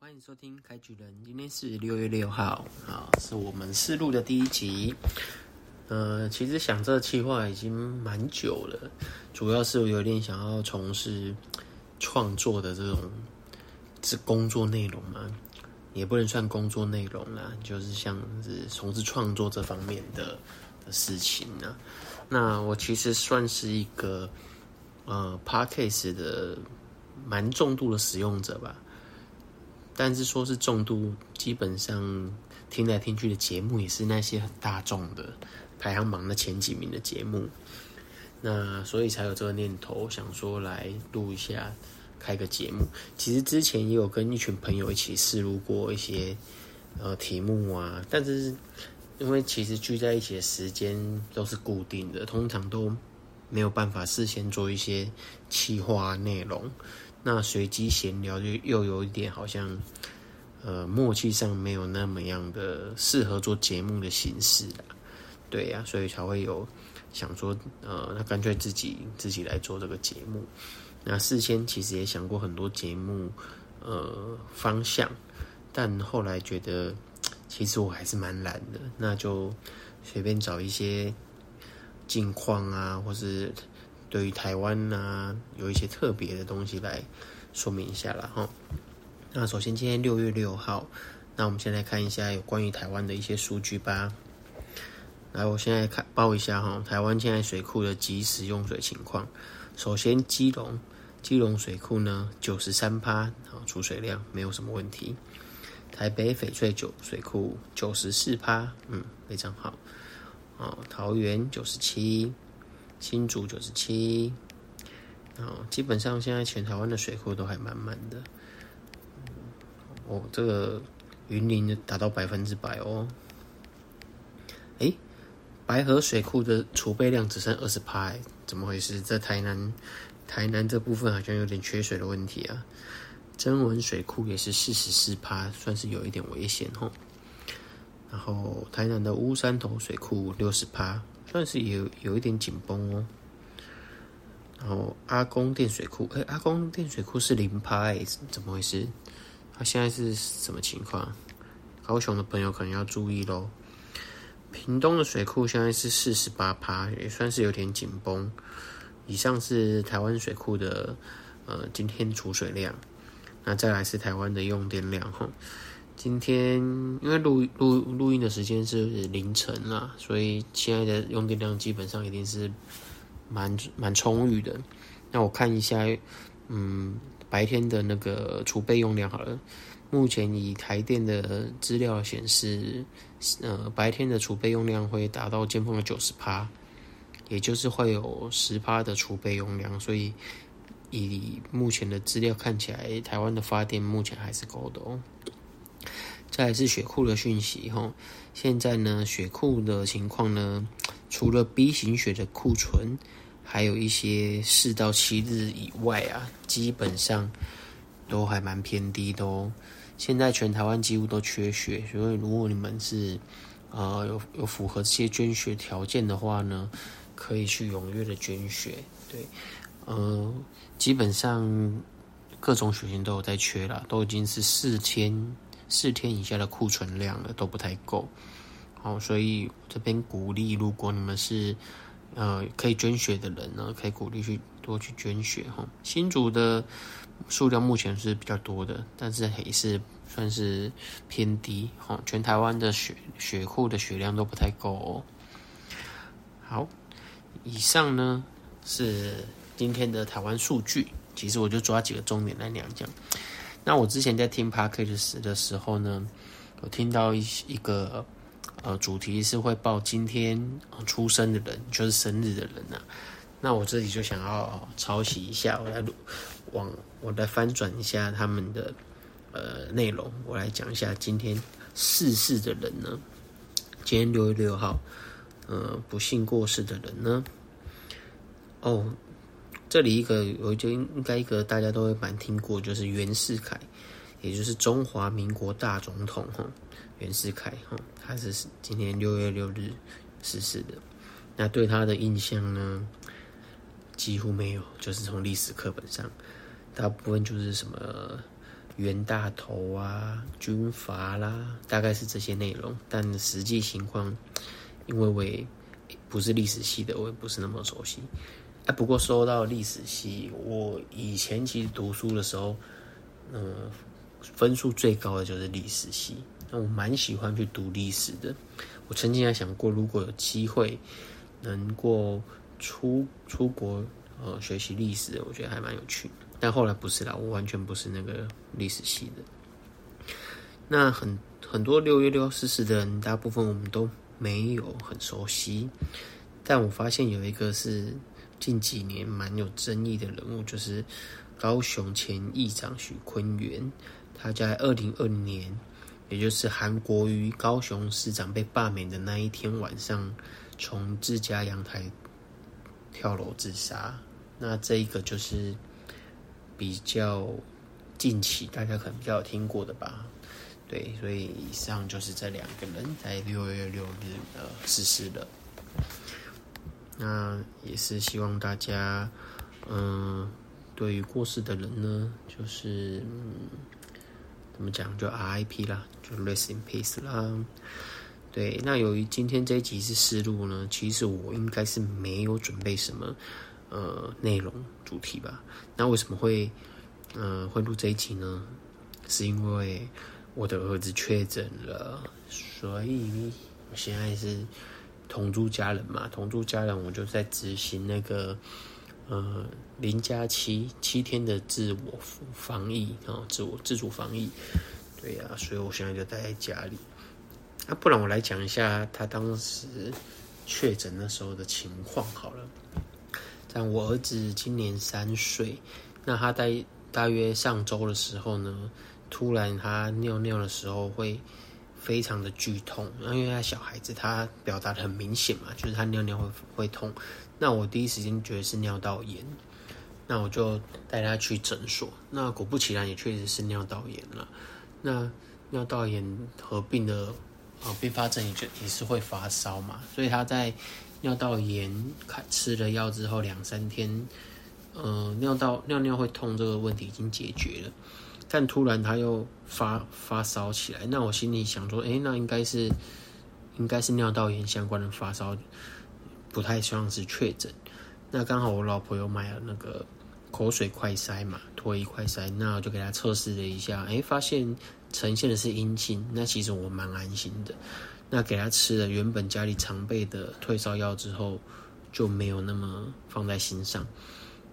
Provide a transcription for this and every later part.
歡迎收聽《開局人》，今天是六月六號，啊，是我們試錄的第一集。呃，其實想這個計劃已經蠻久了，主要是我有點想要從事創作的這種是工作內容嘛，也不能算工作內容啦，就是像是從事創作這方面的，的事情啊。那我其實算是一個呃，Podcast 的蠻重度的使用者吧。但是說是重度，基本上聽來聽去的節目也是那些很大眾的排行榜的前幾名的節目，那所以才有這個念頭，想說來錄一下開個節目。其實之前也有跟一群朋友一起試錄過一些呃題目啊，但是因為其實聚在一起的時間都是固定的，通常都沒有辦法事先做一些企劃內容。那隨機閒聊就又有一點好像，呃，默契上沒有那麼樣的適合做節目的形式了，對呀，所以才會有想說，呃，那乾脆自己自己來做這個節目。那事先其實也想過很多節目，呃，方向，但後來覺得其實我還是蠻懶的，那就隨便找一些近況啊，或是。對於台灣呢、啊，有一些特別的東西來說明一下了哈。那首先今天六月六號，那我們先來看一下有關於台灣的一些數據吧。來，我現在看報一下哈，台灣現在水庫的即時用水情況。首先，基隆，基隆水庫呢九十三趴，出水量沒有什麼問題。台北翡翠九水庫九十四趴，嗯，非常好。哦，桃園九十七。新竹九十七，然後基本上現在全台灣的水庫都還滿滿的。我、哦、這個雲林達到百分之百哦。誒、欸、白河水庫的儲備量只剩二十趴，怎麼回事？在台南，台南這部分好像有點缺水的問題啊。曾文水庫也是四十四趴，算是有一點危險哦。然後台南的烏山頭水庫六十趴。算是有有一點緊繃哦，然後阿公店水庫，誒、欸、阿公店水庫是零趴，欸，怎麼回事？它現在是什麼情況？高雄的朋友可能要注意咯。屏東的水庫現在是四十八趴，也算是有點緊繃。以上是台灣水庫的呃今天儲水量，那再來是台灣的用電量哈。今天因為錄錄錄音的時間是凌晨了、啊，所以現在的用電量基本上一定是蠻蠻充裕的。那我看一下，嗯，白天的那個儲備用量好了。目前以台電的資料顯示，呃，白天的儲備用量會達到尖峰的九十趴，也就是會有十趴的儲備用量。所以以目前的資料看起來，台灣的發電目前還是夠的、喔。再來是血庫的訊息吼，現在呢，血庫的情況呢，除了 B 型血的庫存，還有一些四到七日以外啊，基本上都還蠻偏低的哦、喔。現在全台灣幾乎都缺血，所以如果你們是啊、呃、有有符合這些捐血條件的話呢，可以去踴躍的捐血。對、呃，基本上各種血型都有在缺啦，都已經是四千。四天以下的庫存量都不太夠，所以這邊鼓勵，如果你們是呃可以捐血的人呢，可以鼓勵去多去捐血哈。新竹的數量目前是比較多的，但是還是算是偏低。全台灣的血庫的血量都不太夠哦。好，以上呢是今天的台灣數據，其實我就抓幾個重點來講講。那我之前在聽 package 的時候呢，有聽到一一個呃主題是會報今天出生的人，就是生日的人吶、啊。那我這裡就想要抄襲一下，我來往我來翻轉一下他們的呃內容，我來講一下今天逝世的人呢。今天六月六號、呃，不幸過世的人呢，哦、oh。這裡一個，我覺得應該一個大家都會蠻聽過，就是袁世凱，也就是中華民國大總統哈、哦，袁世凱哈、哦，他是今天六月六日逝世的。那對他的印象呢，幾乎沒有，就是從歷史課本上，大部分就是什麼袁大頭啊、軍閥啦，大概是這些內容。但實際情況，因為我也不是歷史系的，我也不是那麼熟悉。不過說到歷史系，我以前其實讀書的時候，嗯、呃，分數最高的就是歷史系。那我蠻喜歡去讀歷史的。我曾經還想過，如果有機會能夠出出國呃學習歷史的，我覺得還蠻有趣的。但後來不是啦，我完全不是那個歷史系的。那很很多六月六號逝世的人，大部分我們都沒有很熟悉。但我發現有一個是。近幾年蠻有爭議的人物，就是高雄前議長許崑源，他在二零二零年，也就是韓國瑜高雄市長被罷免的那一天晚上，從自家陽台跳樓自殺。那這一個就是比較近期大家可能比較有聽過的吧？對，所以以上就是這兩個人在六月六日呃逝世的。逝世了那也是希望大家，嗯、呃，對於過世的人呢，就是嗯怎麼講，就 RIP 啦，就 Rest in peace 啦。對，那由於今天這一集是試錄呢，其實我應該是沒有準備什麼呃內容主題吧。那為什麼會呃會錄這一集呢？是因為我的兒子確診了，所以我現在是。同住家人嘛，同住家人，我就在執行那個呃零加七七天的自我防疫啊，自我自主防疫，對呀、啊，所以我現在就待在家裡。那、啊、不然我來講一下他當時確診的時候的情況好了。像我兒子今年三歲，那他在大約上周的時候呢，突然他尿尿的時候會。非常的劇痛，然因為他小孩子，他表達得很明顯嘛，就是他尿尿會會痛。那我第一時間覺得是尿道炎，那我就帶他去診所。那果不其然，也確實是尿道炎了。那尿道炎合併的啊併發症也，也就也是會發燒嘛。所以他在尿道炎吃了藥之後兩三天。嗯、呃，尿道尿尿會痛這個問題已經解決了，但突然他又發發燒起來，那我心裡想說，哎，那應該是應該是尿道炎相關的發燒，不太像是確診。那剛好我老婆又買了那個口水快篩嘛，唾液快篩，那我就給他測試了一下，哎，發現呈現的是陰性，那其實我蠻安心的。那給他吃了原本家裡常備的退燒藥之後，就沒有那麼放在心上。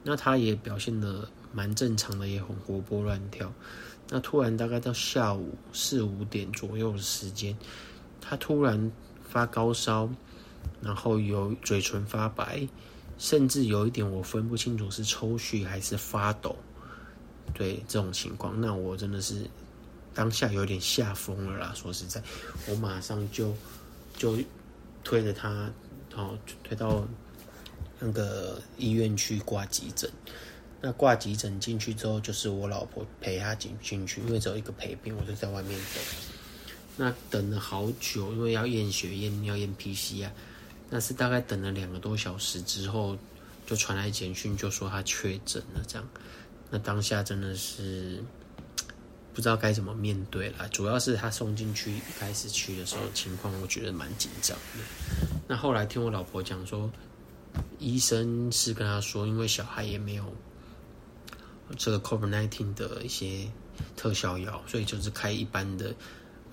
那他也表現得蠻正常的，也很活潑亂跳。那突然大概到下午四五點左右的時間，他突然發高燒，然後有嘴唇發白，甚至有一點我分不清楚是抽搐還是發抖。對這種情況，那我真的是當下有點嚇瘋了啦！說實在，我馬上就就推着他，好、哦、推到。那個醫院去掛急診，那掛急診進去之後，就是我老婆陪她進進去，因為只有一個陪病，我就在外面等。那等了好久，因為要驗血驗、驗要驗 PCR 啊，那是大概等了兩個多小時之後，就傳來簡訊，就說他確診了。這樣，那當下真的是不知道該怎麼面對了。主要是他送進去一開始去的時候，情況我覺得蠻緊張的。那後來聽我老婆講說。醫生是跟他說，因為小孩也沒有這個 COVID-19 的一些特效藥，所以就是開一般的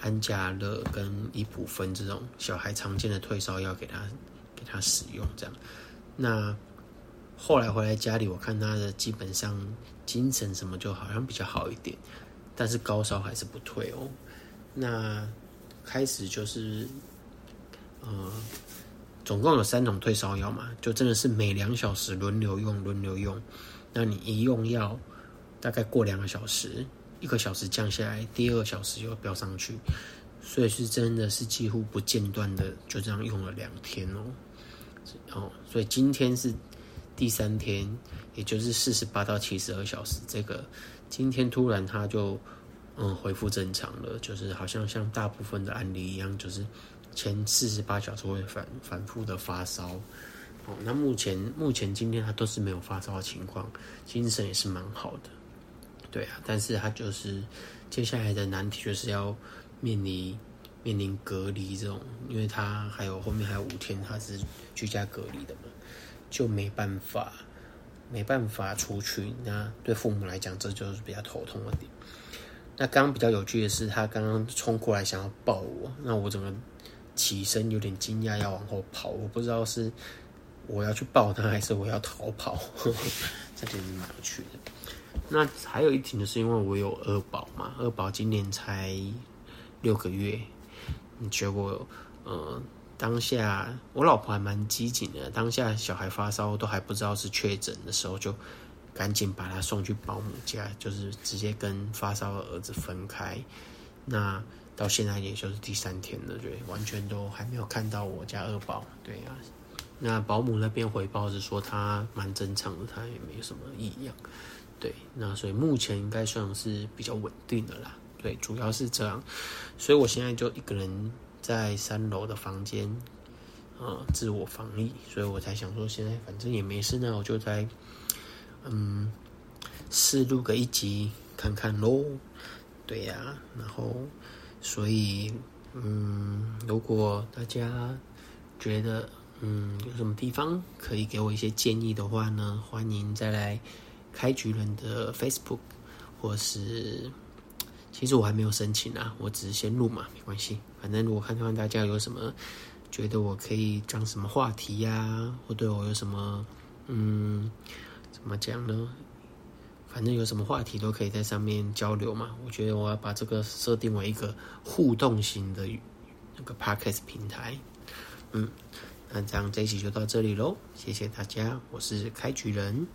安佳樂跟依普芬這種小孩常見的退燒藥給他給他使用。這樣，那後來回來家裡，我看他的基本上精神什麼就好像比較好一點，但是高燒還是不退哦、喔。那開始就是，嗯、呃。總共有三種退燒藥嘛，就真的是每兩小時輪流用，輪流用。那你一用藥，大概過兩個小時，一個小時降下來，第二小時又飆上去，所以是真的是幾乎不間斷的，就這樣用了兩天喔。哦，所以今天是第三天，也就是四十八到七十二小時，這個今天突然它就嗯恢復正常了，就是好像像大部分的案例一樣，就是。前四十八小時會反反復的發燒，哦，那目前目前今天他都是沒有發燒的情況，精神也是蠻好的，對啊，但是他就是接下來的難題就是要面臨面臨隔離這種，因為他還有後面還有五天他是居家隔離的嘛，就沒辦法沒辦法出去，那對父母來講這就是比較頭痛的點。那剛剛比較有趣的是，他剛剛衝過來想要抱我，那我怎麼？起身有點驚訝，要往後跑。我不知道是我要去抱他，還是我要逃跑。 這點是蠻有趣的。那還有一點呢，是因為我有二寶嘛，二寶今年才六個月。結果，呃，當下我老婆還蠻機警的，當下小孩發燒都還不知道是確診的時候，就趕緊把他送去保姆家，就是直接跟發燒的兒子分開。那。到現在也就是第三天了，對，完全都還沒有看到我家二寶。對啊，那保姆那邊回報是說他蠻正常的，他也沒什麼異樣。對，那所以目前應該算是比較穩定的啦。對，主要是這樣。所以我現在就一個人在三樓的房間，呃，自我防疫，所以我才想說，現在反正也沒事呢，我就在嗯，試錄個一集看看囉。對呀，啊，然後。所以，嗯，如果大家覺得，嗯，有什麼地方可以給我一些建議的話呢，歡迎再來開局人的 Facebook，或是，其實我還沒有申請啊，我只是先錄嘛，沒關係。反正如果看看大家有什麼覺得我可以講什麼話題呀、啊，或對我有什麼，嗯，怎麼講呢？反正有什麼話題都可以在上面交流嘛，我覺得我要把這個設定為一個互動型的那個 podcast 平台，嗯，那這樣這一期就到這裡嘍，謝謝大家，我是開局人。